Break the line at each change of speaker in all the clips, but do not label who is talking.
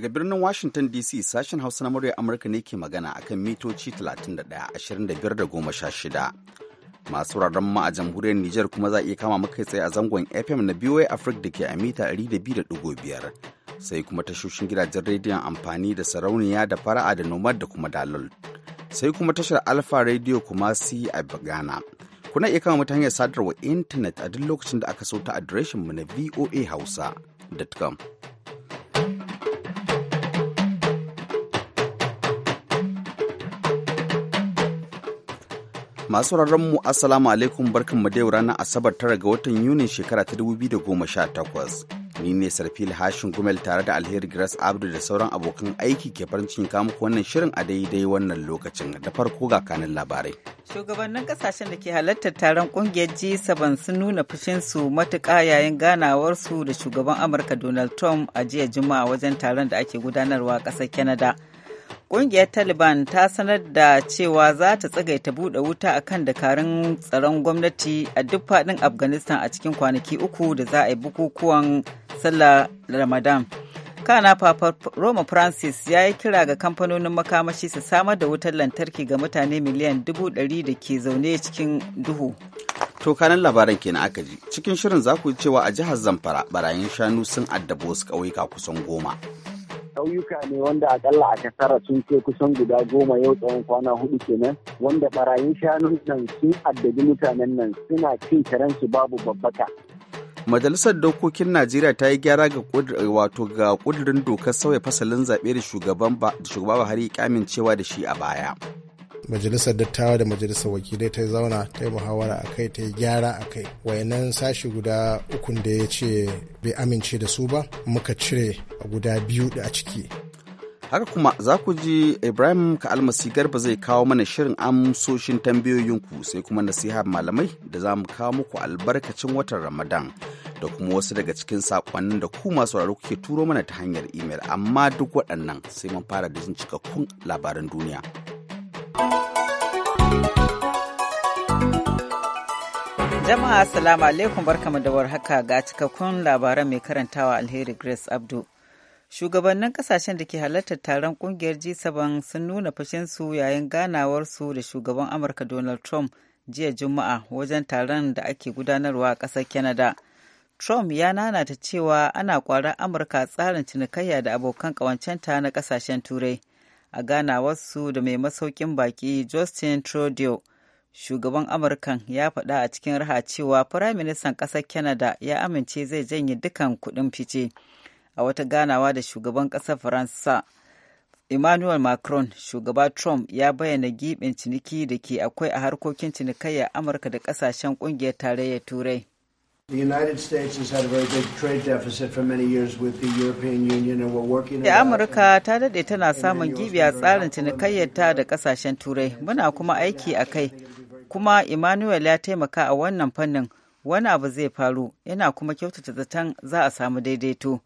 Daga birnin Washington DC sashen Hausa na murya Amurka ne ke magana akan mitoci 31, 25 da 16. Masu wuraren ma a jamhuriyar Nijar kuma za a iya kama maka tsaye a zangon FM na BOA Africa da ke a mita 200.5. Sai kuma tashoshin gidajen rediyon amfani da sarauniya da fara'a da nomad da kuma dalol. Sai kuma tashar alpha Radio kuma si a Ghana. Kuna iya kama mutane hanyar sadarwa intanet a duk lokacin da aka so ta adireshin mu na voahausa.com. Masu mu Assalamu alaikum mu da yau ranar Asabar tara ga watan Yunin shekara ta 2018. Ni ne Sarfil Hashin Gumel tare da Alheri Grace Abdu da sauran abokan aiki ke farin cikin kamu ko wannan shirin a daidai wannan lokacin da farko ga kanin
labarai. Shugabannin kasashen da ke halartar taron kungiyar G7 sun nuna su matuƙa yayin ganawarsu da shugaban Amurka Donald Trump a jiya Juma'a wajen taron da ake gudanarwa a ƙasar Canada. Ƙungiyar Taliban ta sanar da cewa za ta tsagaita buɗe wuta a kan dakarun tsaron gwamnati a duk faɗin Afghanistan a cikin kwanaki uku da za a yi bukukuwan sallar Ramadan. Kana Papa Roma Francis ya yi kira ga kamfanonin makamashi su samar da wutar lantarki ga mutane miliyan dubu ɗari da ke zaune cikin duhu.
To kanan labaran kenan aka ji. Cikin shirin za ku yi cewa a jihar Zamfara barayin shanu sun addabi wasu ƙauyuka kusan goma.
ƙauyuka ne wanda akalla a kasara sun ce kusan guda goma yau tsawon kwana hudu kenan wanda barayin shanun nan sun addabi mutanen nan suna cin karensu babu babbaka.
Majalisar Dokokin Najeriya ta yi gyara ga wato ga kudurin dokar sauya fasalin zaɓe da shugaba Buhari ya amincewa da shi a baya.
majalisar dattawa da majalisar wakilai ta zauna ta yi muhawara a kai ta yi gyara a kai wayannan sashi guda ukun da ya ce bai amince da su ba muka cire guda biyu da a ciki
haka kuma za ku ji ibrahim ka almasi garba zai kawo mana shirin amsoshin tambayoyinku sai kuma nasiha malamai da za mu kawo muku albarkacin watan ramadan da kuma wasu daga cikin sakonnin da ku masu sauraro kuke turo mana ta hanyar imel amma duk waɗannan sai mun fara da jin cikakkun labaran duniya.
Jama'a Assalamu alaikum barkamu da warhaka ga cikakkun labaran mai karantawa Alheri Grace Abdu. Shugabannin kasashen da ke halartar taron kungiyar G7 sun nuna fashinsu yayin ganawarsu da shugaban Amurka Donald Trump jiya Juma'a wajen taron da ake gudanarwa a ƙasar Canada. Trump ya nanata cewa ana kwara Amurka tsarin cinikayya da abokan ƙawancenta na ƙasashen Turai. A ganawarsu da mai masaukin baki Justin Trudeau shugaban amurkan ya faɗa a cikin raha cewa firaministan ƙasar canada ya amince zai janye dukan kuɗin fice a wata ganawa da shugaban ƙasar faransa emmanuel macron shugaba trump ya bayyana giɓin ciniki da ke akwai a harkokin cinikayyar amurka da ƙasashen ƙungiyar tarayyar turai ya Amurka ta daɗe tana samun gibiya tsarin cinikayyar ta da ƙasashen Turai. Muna kuma aiki a kai. kuma Emmanuel ya taimaka a wannan fannin wani abu zai faru yana kuma kyautata zaton za a samu daidaito.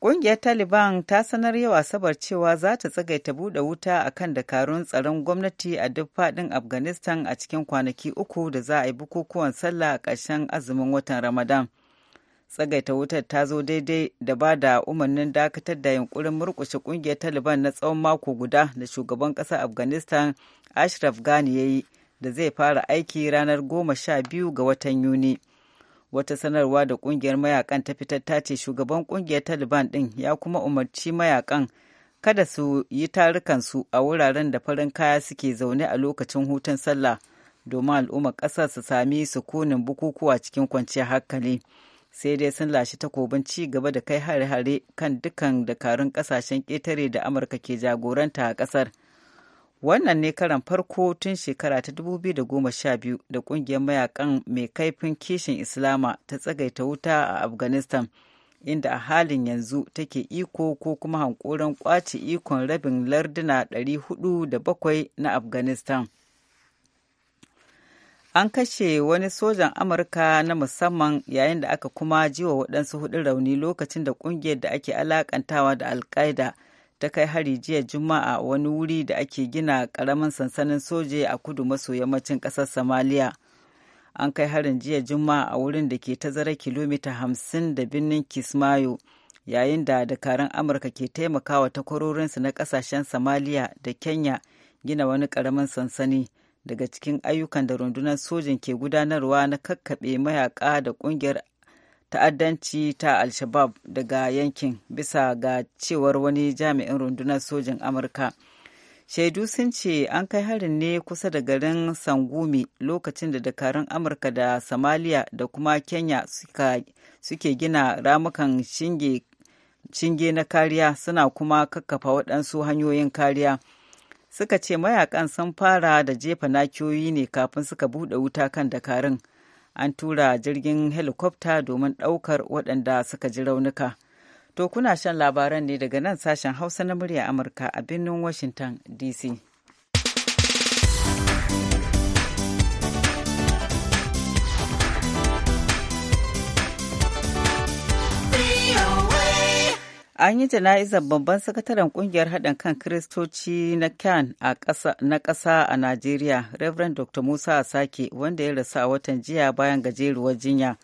Ƙungiyar Taliban ta sanar yau Asabar cewa za ta tsagaita buɗe wuta a kan dakarun tsaron gwamnati a duk faɗin Afghanistan a cikin kwanaki uku da za a yi bukukuwan sallah a ƙarshen azumin watan Ramadan. Tsagaita wutar ta zo daidai da ba da umarnin dakatar da yunkurin murƙushe ƙungiyar Taliban na tsawon mako guda da shugaban ƙasar Afghanistan Ashraf Ghani ya yi da zai fara aiki ranar goma sha biyu ga watan Yuni. Wata sanarwa da kungiyar mayakan ta fitar ta ce shugaban kungiyar Taliban ɗin ya kuma umarci mayakan kada su yi tarukansu a wuraren da farin kaya suke zaune a lokacin hutun sallah domin al'ummar ƙasar su sami sukunin bukukuwa cikin kwanciyar hankali. sai dai sun lashe takobin ci gaba da kai hare-hare kan dukkan dakarun ƙasashen ƙetare da amurka ke jagoranta a ƙasar wannan ne karan farko tun shekara ta 2012 da kungiyar mayakan mai kaifin kishin islama ta tsagaita wuta a afghanistan inda a halin yanzu take iko ko kuma hankoron kwace ikon rabin larduna 407 na afghanistan an kashe wani sojan amurka na musamman yayin da aka kuma jiwa waɗansu hudun rauni lokacin da ƙungiyar da ake alakantawa da alkaida ta kai hari jiya Juma'a wani wuri da ake gina karamin sansanin soje a kudu maso yammacin ƙasar Somalia. An kai harin jiya Juma'a a wurin da ke tazara kilomita hamsin da birnin Kismayo, yayin da dakarun Amurka ke taimakawa takwarorinsu na ƙasashen Somalia da Kenya gina wani karamin sansani. daga cikin ayyukan da rundunar sojin ke gudanarwa na kakkaɓe mayaka da ƙungiyar ta'addanci ta al-shabab daga yankin bisa ga cewar wani jami'in rundunar sojin amurka shaidu sun ce an kai harin ne kusa da garin sangumi lokacin da dakarun amurka da somalia da kuma kenya suke gina ramukan shinge na kariya suna kuma kakkafa waɗansu hanyoyin kariya suka ce mayakan sun fara da jefa nakiyoyi ne kafin suka buɗe wuta kan dakarun an tura jirgin helikwafta domin ɗaukar waɗanda suka ji raunuka. To kuna shan labaran ne daga nan sashen Hausa na murya Amurka a birnin Washington DC. An yi jana'izar babban sakataren kungiyar haɗin kan Kiristoci na CAN na ƙasa a Najeriya, Rev. Dr. Musa Asake, wanda ya rasu a watan jiya bayan gajeruwar jinya.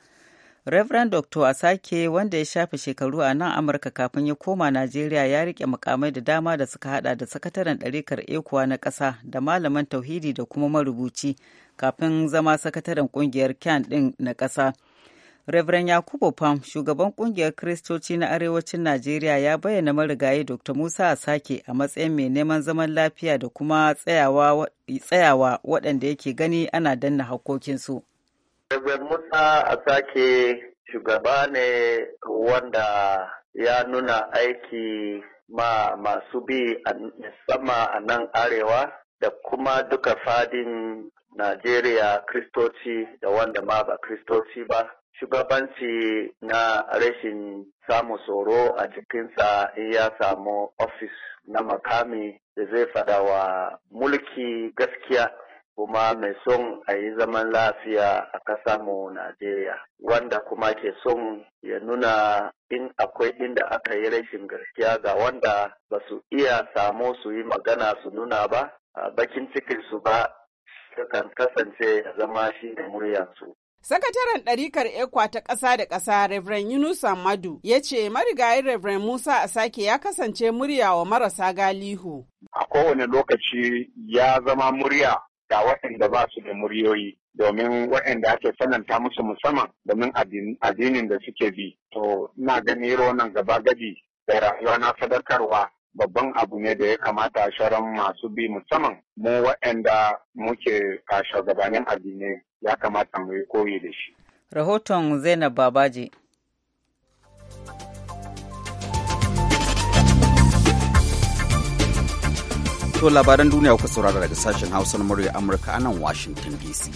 Rev. Dr. Asake, wanda ya shafe shekaru a nan Amurka kafin ya koma Najeriya, ya rike mukamai da dama da suka hada da sakataren ɗarikar ekuwa na ƙasa da malaman tauhidi da kuma marubuci kafin zama sakataren ƙungiyar Kyan ɗin na ƙasa. Reverend Yakubu Pam, shugaban kungiyar Kiristoci na Arewacin Najeriya ya bayyana marigayi Dr. Musa Asake a matsayin mai neman zaman lafiya da kuma tsayawa waɗanda yake gani ana danna hakokinsu.
Reverend Musa Asake shugaba ne wanda ya nuna aiki ma masu bi sama a nan arewa da kuma duka fadin Najeriya Kristoci da wanda ma ba Kristoci ba. shugabanci na rashin samu tsoro a cikinsa in ya samu ofis na makami da zai fada wa mulki gaskiya kuma mai son a yi zaman lafiya a mu Najeriya wanda kuma ke son ya nuna in akwai inda aka yi rashin gaskiya ga wanda ba su iya samu su yi magana su nuna ba a bakin cikinsu ba kan kasance ya zama shi da muryarsu
Sakataren ɗarikar ekwa ta ƙasa da ƙasa Reverend Yunus Amadu ya ce marigayi Reverend Musa a Sake ya kasance murya wa marasa galihu.
A kowane lokaci ya zama murya ga waɗanda ba su da muryoyi domin waɗanda ake sananta musu musamman domin addinin da suke bi. To, na gani ronan gaba gadi da rayuwa na sadarkarwa babban abu ne da ya kamata a sharan masu bi musamman mu waɗanda muke a shugabannin addinai ya kamata mu yi koyi da shi.
Rahoton Zainab Babaji.
To labaran duniya kuka saurara daga sashen Hausa na murya Amurka anan nan Washington DC.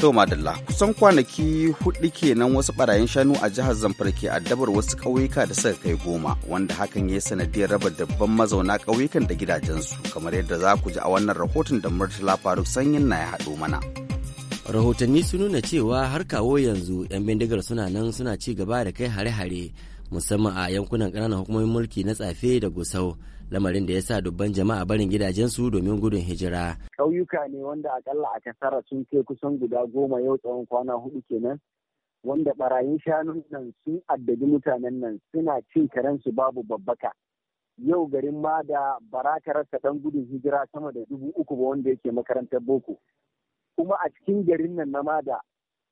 To madalla kusan kwanaki hudu kenan wasu barayin shanu a jihar Zamfara ke addabar wasu ƙauyuka da suka kai goma wanda hakan ya sanadiyar raba dabban mazauna ƙauyukan da gidajensu
kamar yadda za ku ji a wannan rahoton da Murtala Faruk Sanyin na ya haɗo mana. Rahotanni sun nuna cewa har kawo yanzu 'yan bindigar suna nan suna ci gaba da kai hare-hare musamman a yankunan ƙananan hukumomin mulki na tsafe da gusau lamarin da ya sa dubban jama'a barin gidajensu domin gudun hijira.
ƙauyuka ne wanda akalla a kasara sun kai kusan guda goma yau tsawon kwana hudu kenan wanda barayin shanun nan sun addabi mutanen nan suna cin karensu babu babbaka. Yau garin ma da baraka rasa ɗan gudun hijira sama da dubu uku ba wanda yake makarantar boko. Kuma a cikin garin nan na mada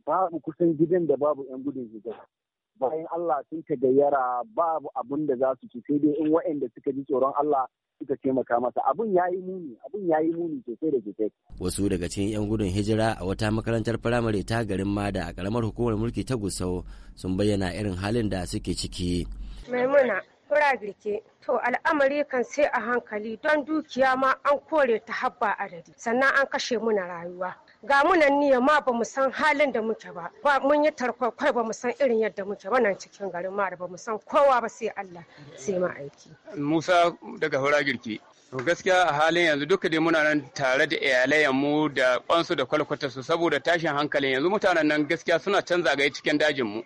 babu kusan gidan da babu 'yan gudun hijira. bayan Allah sun ka gayyara babu abun da za su ci sai dai in waɗanda suka ji tsoron Allah suka taimaka masa abun ya yi muni abun ya muni sosai da sosai.
Wasu daga cikin 'yan gudun hijira a wata makarantar firamare ta garin Mada a karamar hukumar mulki ta Gusau sun bayyana irin halin da suke ciki.
Maimuna kura girke to al'amari kan sai a hankali don dukiya ma an kore ta habba adadi sannan an kashe muna rayuwa. ga munan niyya ma ba mu san halin da muke ba ba mun yi tarkwakwai ba mu san irin yadda muke ba nan cikin garin mara ba mu san kowa ba sai Allah sai ma aiki
Musa daga Hura Girki To gaskiya a halin yanzu duka dai muna nan tare da iyalayen mu da kwansu da kwalkwata su saboda tashin hankalin yanzu mutanen nan gaskiya suna canza zagaye cikin dajin mu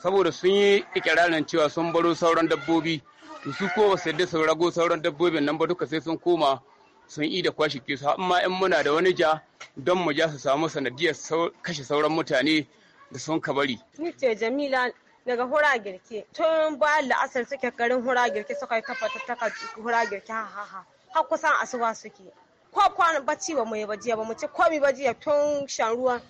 saboda sun yi ikirarin cewa sun baro sauran dabbobi su ko ba su yadda su rago sauran dabbobin nan ba duka sai sun koma sun yi da kwashe kisa amma in muna da wani ja don mu ja su samu sanadiyar kashe sauran mutane da sun ka bari.
Ni ce Jamila daga hura girke tun bayan la'asar suke garin hura girke suka yi kafa taka hura girke ha ha ha har kusan asuba suke. Ko kwan bacci ba mu yi bajiya ba mu ci komi ba tun shan ruwan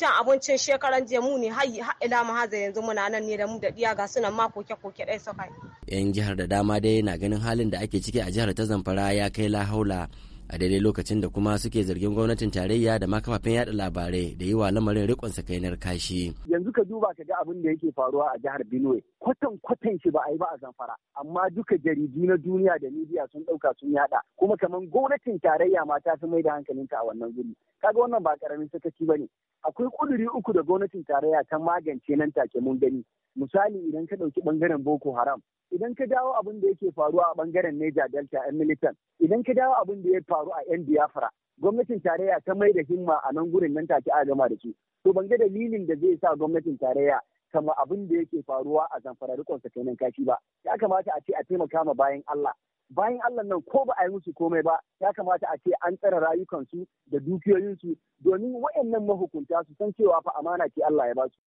cin abincin shekaran jiya ne har ila mu yanzu muna nan ne da mu da diya ga sunan ma koke koke dai suka
yan jihar da dama dai na ganin halin da ake ciki a jihar ta zamfara ya kai lahaula a daidai lokacin da kuma suke zargin gwamnatin tarayya da makamafin yaɗa yada labarai da yi wa lamarin rikon sakainar kashi
yanzu ka duba ka ga abin da yake faruwa a jihar Benue kwatan kwatan shi ba a yi ba a zamfara amma duka jaridu na duniya da media sun ɗauka sun yada kuma kamar gwamnatin tarayya ma ta fi mai da hankalinta a wannan guri kaga wannan ba karamin sakaci ba ne. akwai ƙuduri uku da gwamnatin tarayya ta magance nan take mun gani misali idan ka ɗauki ɓangaren boko haram idan ka dawo abin da yake faruwa a ɓangaren neja delta yan militan idan ka dawo abin da ya faru a yan biafra gwamnatin tarayya ta mai da himma a nan gurin nan take a gama da su to ban ga dalilin da zai sa gwamnatin tarayya kama abin da yake faruwa a zamfara rikon kenan kashi ba ya kamata a ce a taimaka ma bayan Allah bayan Allah nan ko ba a yi musu komai ba ya kamata a ce an tsara rayukansu da dukiyoyinsu domin waɗannan mahukunta su san cewa fa amana ce Allah ya ba su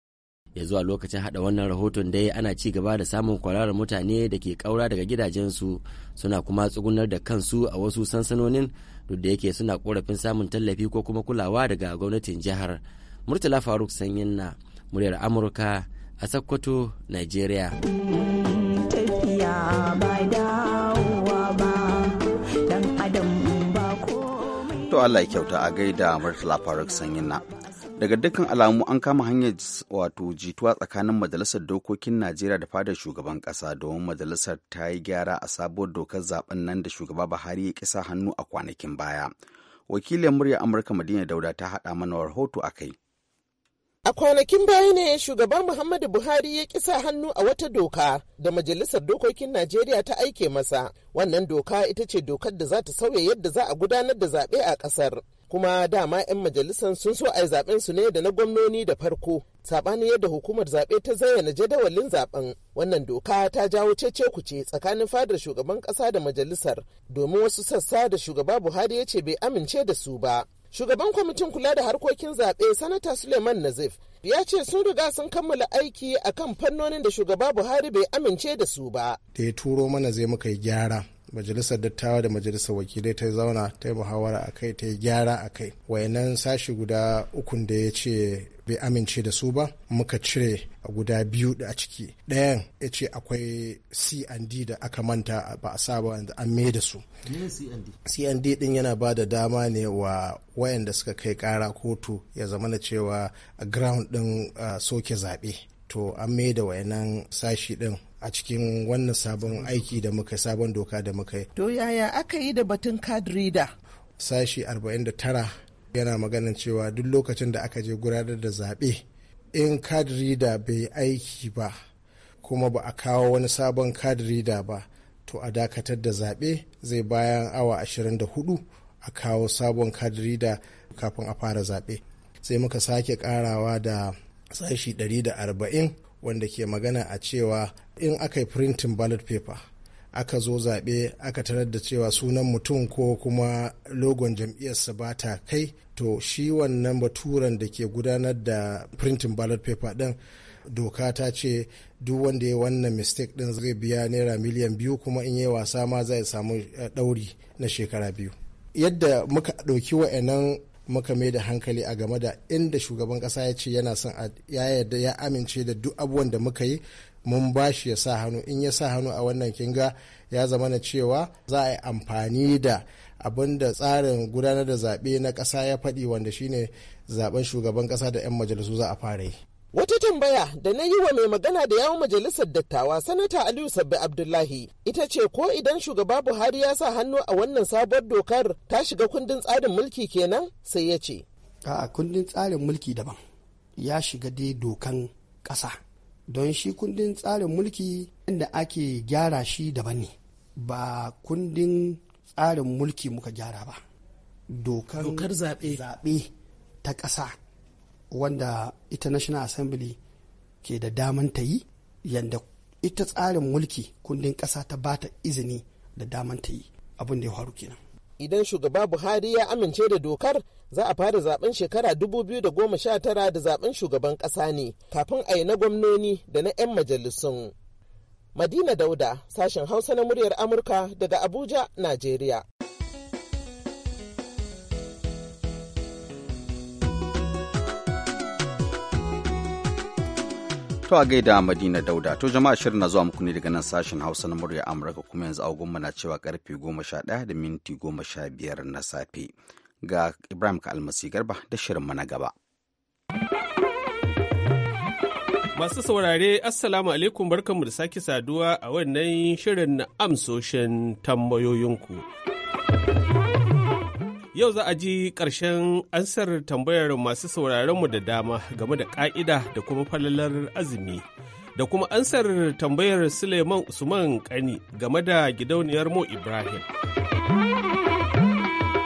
ya zuwa lokacin hada wannan rahoton dai ana ci gaba da samun kwararar mutane da ke kaura daga gidajensu suna kuma tsugunar da kansu a wasu sansanonin duk da yake suna korafin samun tallafi ko kuma kulawa daga gwamnatin jihar murtala faruk sanyin na muryar amurka a sakkwato nigeria
to allah ya kyauta a gaida murtala faruk sanyin na daga dukkan alamu an kama hanyar wato jituwa tsakanin majalisar dokokin najeriya da fadar shugaban kasa domin majalisar ta yi gyara a sabuwar dokar zaben nan da shugaba buhari ya kisa hannu a kwanakin baya wakilin murya amurka madina dauda ta haɗa mana rahoto a kai
A kwanakin baya ne shugaba Muhammadu Buhari ya kisa hannu a wata doka da Majalisar Dokokin Najeriya ta aike masa. Wannan doka ita ce dokar da za ta sauya yadda za a gudanar da zaɓe a ƙasar. kuma dama 'yan majalisar sun so a yi zaben su ne da na gwamnoni da farko saɓanin yadda hukumar zaɓe ta zayyana jadawalin zaben wannan doka ta jawo cece ce tsakanin fadar shugaban ƙasa da majalisar domin wasu sassa da shugaba buhari ya ce bai amince da su ba shugaban kwamitin kula da harkokin zaɓe sanata suleiman nazif ya ce sun riga sun kammala aiki akan fannonin da shugaba buhari bai amince da su ba
da ya turo mana zai muka yi gyara majalisar dattawa da majalisar wakilai ta zauna ta yi muhawara a kai ta yi gyara a kai wayannan sashi guda uku da ya ce bai amince da su ba muka cire guda biyu da a ciki ɗayan ya ce akwai cnd da aka manta ba a saba da an mai da su cnd din yana ba da dama ne wa wayanda suka kai ƙara kotu ya zama na cewa ground din uh, soke zaɓe to an mai da wayannan sashi din a cikin wannan sabon aiki da muka sabon doka da muka yi. To yaya aka yi da batun card reader? Sashi 49 yana maganin cewa duk lokacin da aka je gudanar da zaɓe in card reader bai aiki ba kuma ba a kawo wani sabon card reader ba to a dakatar da zaɓe zai bayan awa 24 a kawo sabon card reader kafin a fara zaɓe. Sai muka sake ƙarawa da sashi 140 wanda ke magana a cewa in aka yi printing ballot paper aka zo zaɓe aka tarar da cewa sunan mutum ko kuma logon jam'iyyarsa ba ta kai to shi wannan baturan da ke gudanar da printing ballot paper ɗin doka ta ce duk wanda ya wannan mistake ɗin zai biya naira miliyan biyu kuma in yi wasa ma zai samu eh, ɗauri na shekara biyu yadda muka ɗauki wa'annan muka mai da hankali a game da inda shugaban kasa ya ce yana son ya yarda ya amince da duk abubuwan da muka yi mun ba shi ya sa hannu in ya sa hannu a wannan kinga ya zama na cewa za a yi amfani da abin da tsarin gudanar da zaɓe na ƙasa ya faɗi wanda shine zaben shugaban ƙasa da 'yan majalisu za a fara yi
Wata tambaya da na yi wa mai magana da yawon majalisar dattawa sanata Aliyu Sabbi Abdullahi ita ce ko idan shugaba Buhari ya sa hannu a wannan sabuwar dokar ta shiga kundin tsarin mulki kenan sai ya ce.
A kundin tsarin mulki daban ya shiga dai dokan ƙasa don shi kundin tsarin mulki inda ake gyara shi daban ne ba kundin tsarin mulki muka gyara ba. Dokar zaɓe ta ƙasa wanda ita national assembly ke da daman ta yi yadda ita tsarin mulki kundin ƙasa ta bata izini da daman ta yi abin da ya faru kenan
idan shugaba buhari ya amince da dokar za a fara zaben shekara 2019 da zaben shugaban ƙasa ne kafin a yi na gwamnoni da na 'yan majalisun madina dauda sashen hausa na muryar amurka daga abuja nigeria.
To a gaida Madina Dauda, to jama'a shirin na zuwa muku ne daga nan sashen Hausa na murya Amurka kuma yanzu agunmu na cewa karfe 11 da minti 15 na safe. Ga Ibrahim ka almasi garba da shirin mana gaba.
Masu saurare, Assalamu alaikum barkanmu da sake saduwa a wannan shirin amsoshin tambayoyinku. Yau za a ji ƙarshen ansar tambayar masu sauraronmu da dama game da ƙa'ida da kuma falalar azumi. Da kuma ansar tambayar Suleiman Usman Kani game da gidauniyar mu Ibrahim.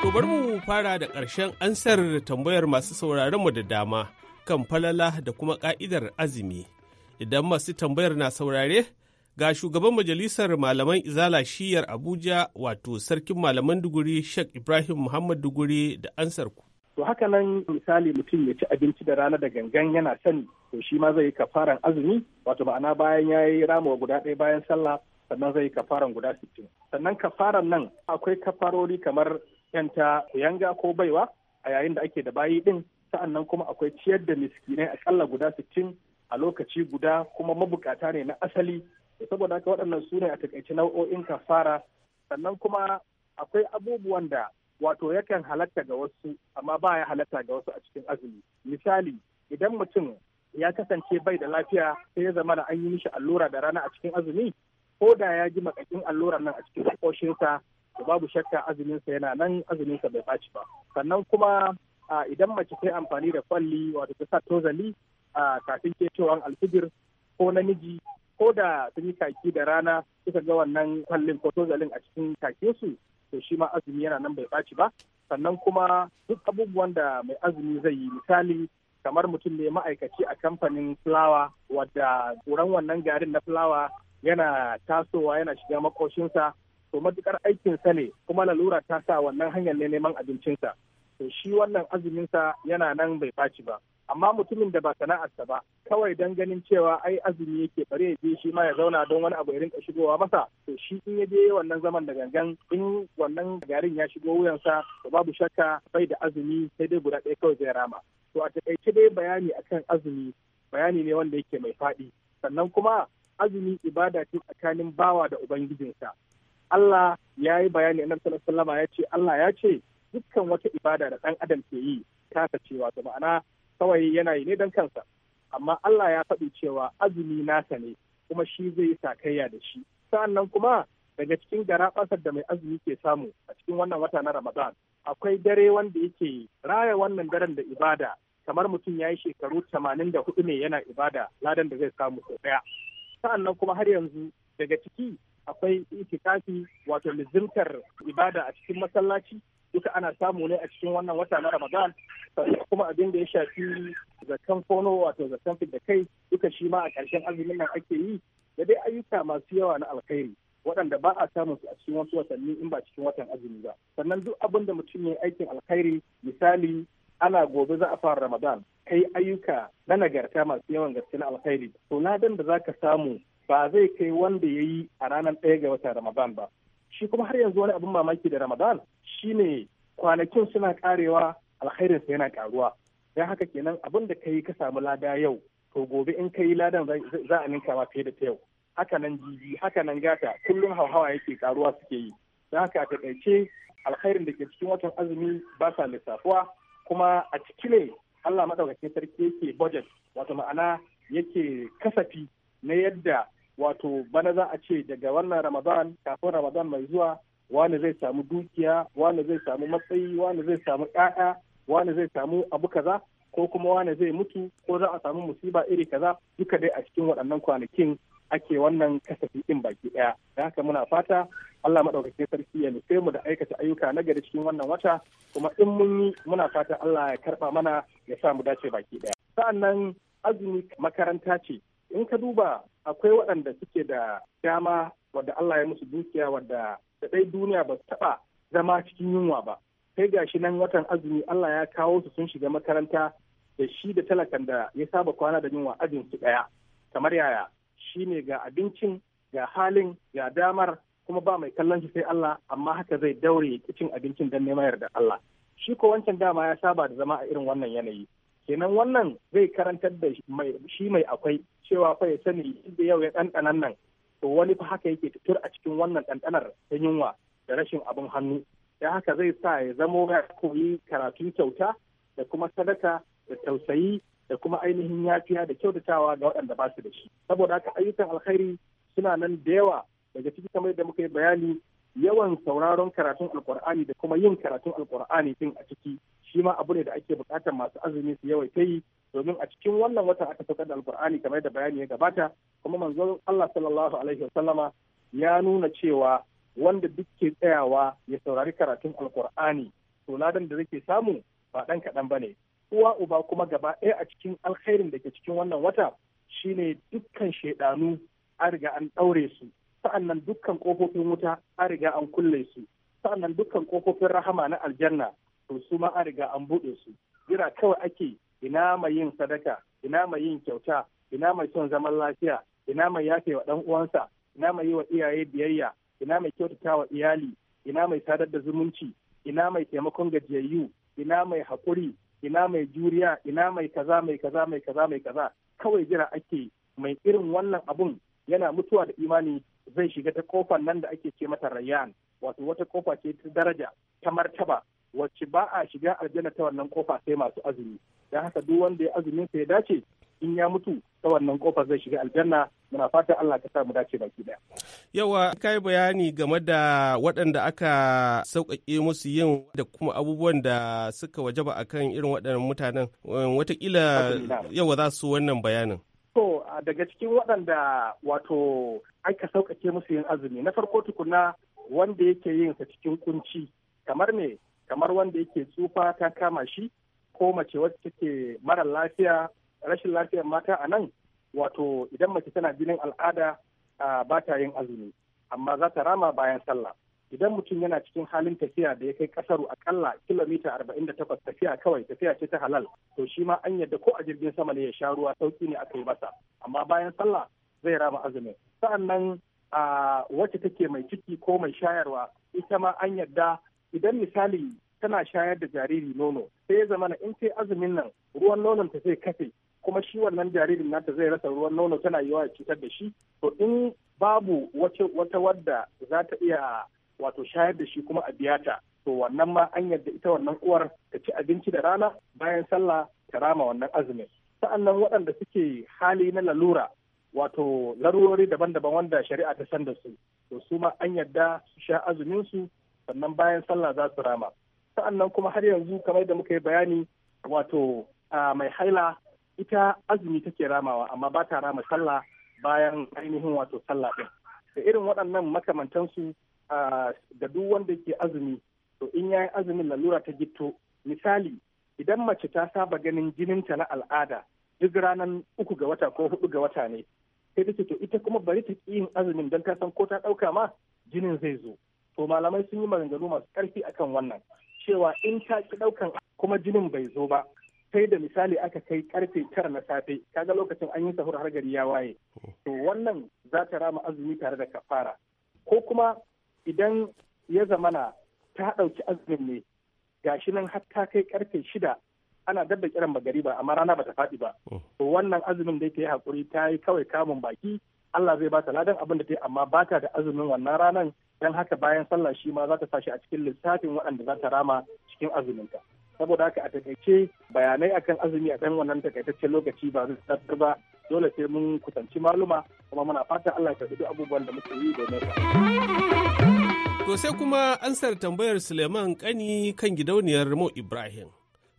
To bari mu fara da ƙarshen ansar tambayar masu sauraronmu da dama kan falala da kuma ƙa'idar azumi. Idan masu tambayar na saurare, Ga shugaban majalisar malaman izala shiyar Abuja wato sarkin malaman duguri Sheikh Ibrahim Muhammad duguri da ansar ku.
To haka nan misali mutum ya ci abinci da rana da gangan yana sani to shi ma zai yi kafaran azumi wato ma'ana bayan ya yi ramawa guda ɗaya bayan sallah sannan zai yi kafaran guda sittin. Sannan kafaran nan akwai kafarori kamar yanta yanga ko baiwa a yayin da ake da bayi ɗin sa'annan kuma akwai ciyar da miskinai a guda sittin a lokaci guda kuma mabukata ne na asali saboda haka waɗannan su ne a takaice nau'o'in kafara sannan kuma akwai abubuwan da wato yakan halatta ga wasu amma ba ya halatta ga wasu a cikin azumi misali idan mutum ya kasance bai da lafiya sai ya zama da an yi mishi allura da rana a cikin azumi ko da ya ji makakin allurar nan a cikin ƙoshinsa to babu shakka azuminsa yana nan azuminsa bai ɓaci ba sannan kuma idan mace ta amfani da kwalli wato ta sa tozali kafin kecewan alfijir ko namiji ko da sun yi kaki da rana suka ga wannan kwallin ko tozalin a cikin kake to shi ma azumi yana nan bai ɓaci ba sannan kuma duk abubuwan da mai azumi zai yi misali kamar mutum ne ma'aikaci a kamfanin fulawa wadda tsoron wannan garin na fulawa yana tasowa yana shiga makoshinsa to matukar aikinsa ne kuma lalura ta sa wannan hanyar ne neman abincinsa to shi wannan azuminsa yana nan bai ɓaci ba amma mutumin da ba sana'arsa ba kawai don ganin cewa ai azumi yake bari ya je shi ma ya zauna don wani abu ya rinka shigowa masa to shi in ya je wannan zaman da gangan in wannan garin ya shigo wuyansa to babu shakka bai da azumi sai dai guda ɗaya kawai zai rama to a taƙaice dai bayani akan azumi bayani ne wanda yake mai faɗi sannan kuma azumi ibada ce tsakanin bawa da ubangijinsa Allah ya yi bayani annabi sallallahu alaihi ya ce Allah ya ce dukkan wata ibada da ɗan adam ke yi ta ce to ma'ana kawai yana yi ne don kansa amma Allah ya faɗi cewa azumi nasa ne kuma shi zai sakayya da shi sa'annan kuma daga cikin garaƙasar da mai azumi ke samu a cikin wannan wata na Ramadan akwai dare wanda yake raya wannan daren da ibada kamar mutum ya yi shekaru tamanin da hudu ne yana ibada ladan da zai samu sau ɗaya sa'annan kuma har yanzu daga ciki akwai itikafi wato lizimtar ibada a cikin masallaci duka ana samu ne a cikin wannan wata na ramadan kuma abin da ya shafi zakan fono wato zakan da kai duka shi ma a ƙarshen azumin nan ake yi da dai ayyuka masu yawa na alkhairi waɗanda ba a samun su a cikin wasu watanni in ba cikin watan azumi ba sannan duk abin da mutum ya aikin alkhairi misali ana gobe za a fara ramadan kai ayyuka na nagarta masu yawan gaske na alkhairi to ladan da ka samu ba zai kai wanda ya yi a ranar ɗaya ga watan ramadan ba shi kuma har yanzu wani abin mamaki da ramadan shine kwanakin suna karewa alkhairin sa yana karuwa don haka kenan abin da ka yi ka samu lada yau to gobe in ka yi ladan za a ninka ma fiye da ta yau haka nan jiji haka nan gata kullum hauhawa yake karuwa suke yi don haka a takaice alkhairin da ke cikin watan azumi ba sa lissafuwa kuma a ciki ne Allah madaukakin sarki yake budget wato ma'ana yake kasafi na yadda wato bana za a ce daga wannan ramadan kafin ramadan mai zuwa wani zai samu dukiya wani zai samu matsayi wani zai samu ƴaƴa wani zai samu abu kaza ko kuma wani zai mutu ko za a samu musiba iri kaza duka dai a cikin waɗannan kwanakin ake wannan kasafi ɗin baki ɗaya da haka muna fata Allah maɗaukakin sarki ya nufe mu da aikata ayyuka na gari cikin wannan wata kuma in mun yi muna fata Allah ya karɓa mana ya sa mu dace baki ɗaya sa'annan azumi makaranta ce in ka duba akwai waɗanda suke da dama wadda Allah ya musu dukiya wadda da ɗai duniya ba su taɓa zama cikin yunwa ba sai gashi nan watan azumi Allah ya kawo su sun shiga makaranta da shi da talakan da ya saba kwana da yunwa ajin su ɗaya kamar yaya shi ne ga abincin ga halin ga damar kuma ba mai kallon shi sai Allah amma haka zai daure ya cin abincin don neman yarda Allah shi ko wancan dama ya saba da zama a irin wannan yanayi kenan wannan zai karantar da shi mai akwai cewa fa ya sani inda yau ya ɗanɗanan nan to wani fa haka yake tutur a cikin wannan ɗanɗanar ta yunwa da rashin abin hannu da haka zai sa ya zamo ya koyi karatu kyauta da kuma sadaka da tausayi da kuma ainihin yafiya da kyautatawa ga waɗanda ba su da shi saboda haka ayyukan alkhairi suna nan da yawa daga ciki kamar da muka yi bayani yawan sauraron karatun alkur'ani da kuma yin karatun alkur'ani din a ciki shi ma abu ne da ake bukatar masu azumi su ta yi domin a cikin wannan watan aka saukar da alkur'ani kamar da bayani ya gabata kuma manzon Allah sallallahu alaihi wasallama ya nuna cewa wanda duk ke tsayawa ya saurari karatun alkur'ani to ladan da zake samu ba dan kadan bane uwa uba kuma gaba ɗaya a cikin alkhairin da ke cikin wannan wata shine dukkan shaidanu an riga an daure su sa'annan dukkan kofofin wuta an riga an kulle su sa'annan dukkan kofofin rahama na aljanna to su ma an riga an buɗe su jira kawai ake ina mai yin sadaka ina mai yin kyauta ina mai son zaman lafiya ina mai yafe wa ɗan uwansa ina mai yi wa iyaye biyayya ina mai kyautata wa iyali ina mai sadar da zumunci ina mai taimakon gajiyayyu ina mai haƙuri ina mai juriya ina mai kaza mai kaza mai kaza mai kaza kawai jira ake mai irin wannan abun yana mutuwa da imani zai shiga ta kofar nan da ake ce mata rayyan wato wata kofa ce ta daraja ta martaba wacce ba a shiga aljanna ta wannan kofa sai masu azumi dan haka duk wanda ya azumin sa ya dace in ya mutu ta wannan kofa zai shiga aljanna muna fatan Allah ka sa mu dace baki daya.
Yawa kai bayani game da waɗanda aka sauƙaƙe musu yin da kuma abubuwan da suka wajaba akan irin waɗannan mutanen watakila yawa za su wannan bayanin.
To daga cikin waɗanda wato aka sauƙaƙe musu yin azumi na farko tukuna wanda yake yin sa cikin kunci kamar me kamar wanda yake tsufa ta kama shi ko mace wacce take mara lafiya rashin lafiyar mata a nan wato idan mace tana jinin al'ada ba ta yin azumi amma za ta rama bayan sallah idan mutum yana cikin halin tafiya da ya kai kasaru akalla kilomita arba'in da takwas tafiya kawai tafiya ce ta halal to shi ma an yadda ko a jirgin sama ne ya sha ruwa sauki ne aka yi masa amma bayan sallah zai rama azumin nan a wacce take mai ciki ko mai shayarwa ita ma an yadda idan misali tana shayar da jariri nono sai ya zama in sai azumin nan ruwan nonon ta zai kafe kuma shi wannan jaririn nata zai rasa ruwan nono tana yawa ya cutar da shi to in babu wata wadda za ta iya wato shayar da shi kuma a biya ta to wannan ma an yarda ita wannan uwar ta ci abinci da rana bayan sallah ta rama wannan azumin sa'annan waɗanda suke hali na lalura wato larurori daban-daban wanda shari'a ta san da su to su ma an yarda su sha azumin su sannan bayan sallah za su rama sa'annan kuma har yanzu kamar da muka yi bayani wato mai haila ita azumi take ramawa amma ba ta rama sallah bayan ainihin wato sallah ɗin da irin waɗannan makamantansu da duk wanda ke azumi to in ya yi azumin lalura ta gitto misali idan mace ta saba ganin jinin ta na al'ada duk ranar uku ga wata ko hudu ga wata ne sai take to ita kuma bari ta ƙi yin azumin don ta san ko ta ɗauka ma jinin zai zo to malamai sun yi maganganu masu ƙarfi akan wannan cewa in ta ki ɗaukan kuma jinin bai zo ba sai da misali aka kai karfe tara na safe ga lokacin an yi sahur har gari ya waye to wannan za ta rama azumi tare da kafara ko kuma idan ya zamana ta ɗauki azumin ne gashi nan har ta kai ƙarfe shida ana dabba kiran gari ba amma rana bata faɗi ba to wannan azumin da ta yi hakuri ta yi kawai kamun baki Allah zai ba ta ladan abin da ta yi amma ba ta da azumin wannan ranan don haka bayan sallah shi ma za ta sa shi a cikin lissafin waɗanda za ta rama cikin azuminta saboda haka a takaice bayanai akan azumi a ɗan wannan takaitaccen lokaci ba zai ba dole sai mun kusanci maluma kuma muna fatan Allah ya karɓi abubuwan da muke
yi domin To sai kuma ansar tambayar Suleiman Kani kan gidauniyar Mo Ibrahim.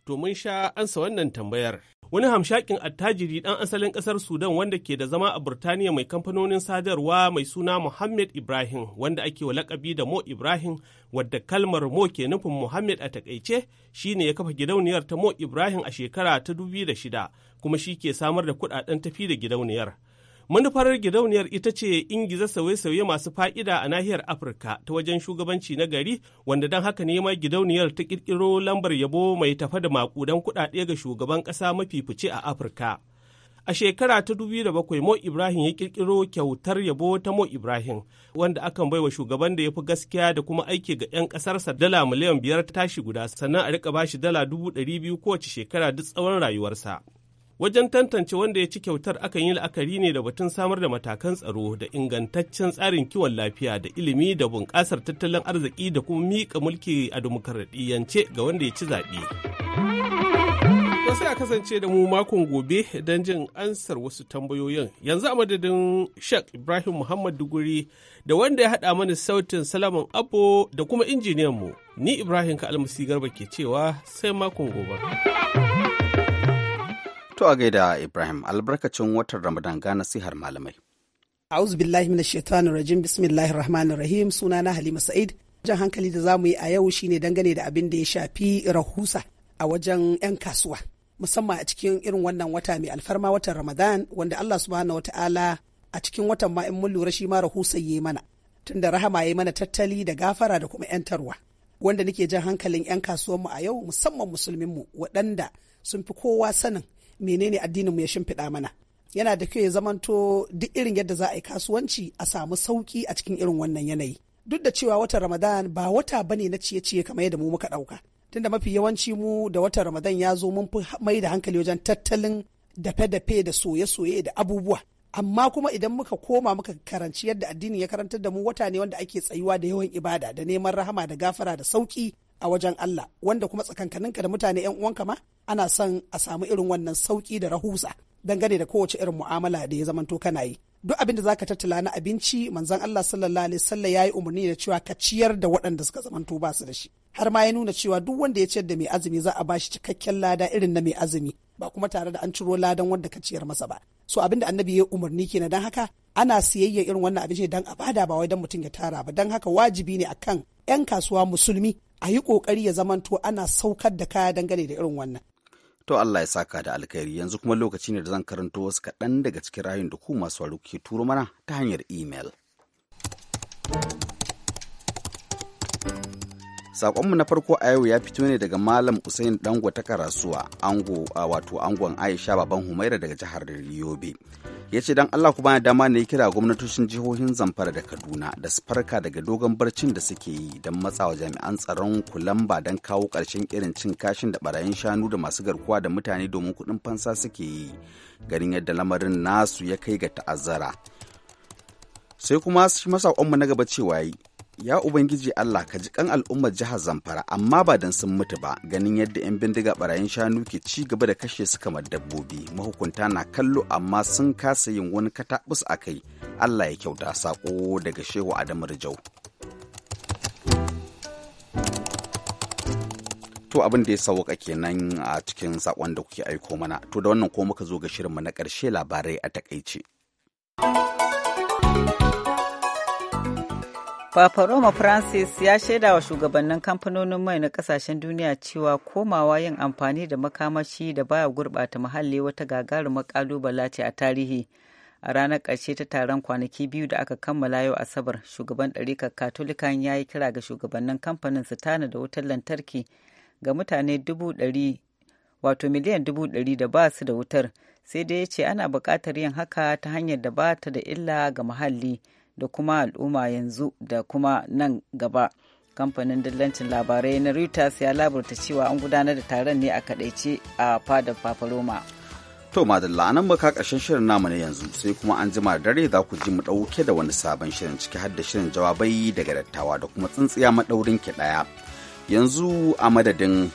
To mun sha ansa wannan tambayar Wani hamshakin attajiri ɗan asalin ƙasar Sudan wanda ke da zama a Burtaniya mai kamfanonin sadarwa mai suna Mohammed Ibrahim wanda ake wa lakabi da Mo Ibrahim wadda kalmar Mo ke nufin Mohammed a takaice shine ya kafa gidauniyar ta Mo Ibrahim a shekara ta 2006 kuma shi ke samar da kuɗaɗen tafi da gidauniyar. Manufar gidauniyar ita ce ingiza sauye-sauye masu fa'ida a nahiyar Afirka ta wajen shugabanci na gari wanda don haka ne ma gidauniyar ta kirkiro lambar yabo mai tafa da maƙudan kuɗaɗe ga shugaban ƙasa mafi fice a Afirka. A shekara ta 2007 Mo Ibrahim ya kirkiro kyautar yabo ta Mo Ibrahim wanda akan bai wa shugaban da ya fi gaskiya da kuma aiki ga 'yan kasarsa dala miliyan biyar ta tashi guda sannan a rika bashi dala dubu ɗari biyu kowace shekara duk tsawon rayuwarsa. Wajen tantance wanda ya ci kyautar akan yi la'akari ne da batun samar da matakan tsaro da ingantaccen tsarin kiwon lafiya da ilimi da bunƙasar tattalin arziki da kuma miƙa mulki a dimokuraɗiyyance ga wanda ya ci zaɓe. sai a kasance da mu makon gobe don jin ansar wasu tambayoyin. Yanzu a madadin Sheikh Ibrahim Muhammad Duguri da wanda ya haɗa mana sautin Salaman abu da kuma injiniyanmu. Ni Ibrahim Ka Almasi Garba ke cewa sai makon gobe.
To a gaida Ibrahim albarkacin watan Ramadan ga nasihar malamai.
A'udhu billahi minash shaitanir rajim bismillahir rahmanir rahim sunana Halima Sa'id. Jan hankali da zamu yi a yau shine dangane da abin da ya shafi rahusa a wajen 'yan kasuwa. Musamman a cikin irin wannan wata mai alfarma watan Ramadan wanda Allah subhanahu wata'ala a cikin watan ma in mun lura shi ma rahusa yayi mana. Tunda rahama yi mana tattali da gafara da kuma 'yantarwa. Wanda nake jan hankalin 'yan kasuwanmu a yau musamman musulmin mu waɗanda sun fi kowa sanin menene addinin mu ya shimfiɗa mana yana da kyau ya zamanto duk irin yadda za a yi kasuwanci a samu sauki a cikin irin wannan yanayi duk da cewa watan ramadan ba wata bane na ciye-ciye kamar yadda mu muka ɗauka tunda mafi yawanci mu da watan ramadan ya zo mun fi mai da hankali wajen tattalin dafe-dafe da soye-soye da abubuwa amma kuma idan muka koma muka karanci yadda addinin ya karantar da mu wata ne wanda ake tsayuwa da yawan ibada da neman rahama da gafara da sauki a wajen Allah wanda kuma tsakankaninka da mutane yan uwanka ma ana son a samu irin wannan sauki da rahusa dangane da kowace irin mu'amala da ya zamanto kana yi duk abin da zaka tattala na abinci manzon Allah sallallahu alaihi wasallam yayi umarni da cewa ka ciyar da waɗanda suka zamanto ba su da shi har ma ya nuna cewa duk wanda ya ciyar da mai azumi za a bashi cikakken lada irin na mai azumi ba kuma tare da an ciro ladan wanda ka ciyar masa ba so abin da annabi ya umarni na dan haka ana siyayya irin wannan abinci dan a bada ba wai dan mutum ya tara ba dan haka wajibi ne akan yan kasuwa musulmi a yi ƙoƙari ya zamanto ana saukar da kaya dangane da irin wannan.
To Allah ya saka da alkhairi yanzu kuma lokaci ne da zan karanto wasu kaɗan daga cikin rayun da ku masu ke turo mana ta hanyar imel. Sakonmu na farko a yau ya fito ne daga Malam Usain Dango ta Karasuwa, ango wato angon Aisha Baban Humaira daga jihar Yobe. Ya ce don Allah ku bani dama na yi kira gwamnatocin jihohin Zamfara da Kaduna da su farka daga dogon barcin da suke yi don matsawa jami'an tsaron kulamba don kawo ƙarshen irin cin kashin da barayin shanu da masu garkuwa da mutane domin kuɗin fansa suke yi ganin yadda lamarin nasu ya kai ga ta'azzara. Sai kuma shi masa na gaba cewa yi ya ubangiji Allah ka ji kan al'ummar jihar Zamfara amma ba dan sun mutu ba ganin yadda 'yan bindiga barayin shanu ke ci gaba da kashe su kamar dabbobi mahukunta na kallo amma sun kasa yin wani katabus a kai Allah ya kyauta sako daga Shehu Adamu Rijau. To abin da ya sauka kenan a cikin saƙon da kuke aiko mana to da wannan ko muka zo ga shirinmu
na ƙarshe labarai
a takaice.
Papa Roma Francis ya shaida wa shugabannin kamfanonin mai na kasashen duniya cewa komawa yin amfani da makamashi da baya gurɓata muhalli wata gagarumar ƙalubala ce a tarihi. A ranar ƙarshe ta taron kwanaki biyu da aka kammala yau Asabar, shugaban ɗarikar Katolikan ya yi kira ga shugabannin kamfanin su tana da wutar lantarki ga mutane dubu ɗari wato miliyan dubu ɗari da ba su da wutar, sai dai ya ce ana buƙatar yin haka ta hanyar da ba ta da illa ga muhalli. da kuma al'umma yanzu da kuma nan gaba kamfanin dillancin labarai na reuters ya labarta cewa an gudanar da taron ne a kadaice a fadar paparoma
to madalla mu maka ƙarshen shirin namu ne yanzu sai kuma an jima da dare za ku ji mu ɗauke da wani sabon shirin ciki har da shirin jawabai daga dattawa da kuma tsintsiya maɗaurin ki ɗaya yanzu a madadin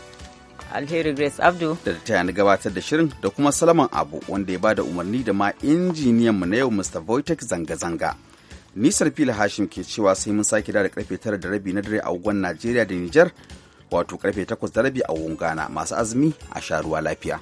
alheri grace abdu da ta na gabatar da shirin da kuma salaman abu wanda ya bada umarni da ma injiniyan mu na yau mr voitek zanga-zanga Nisar fila Hashim ke cewa sai mun sake da karfe tara da rabi na dare a ugon Najeriya da Nijar wato karfe takwas da rabi a wungana masu azumi a sha ruwa lafiya.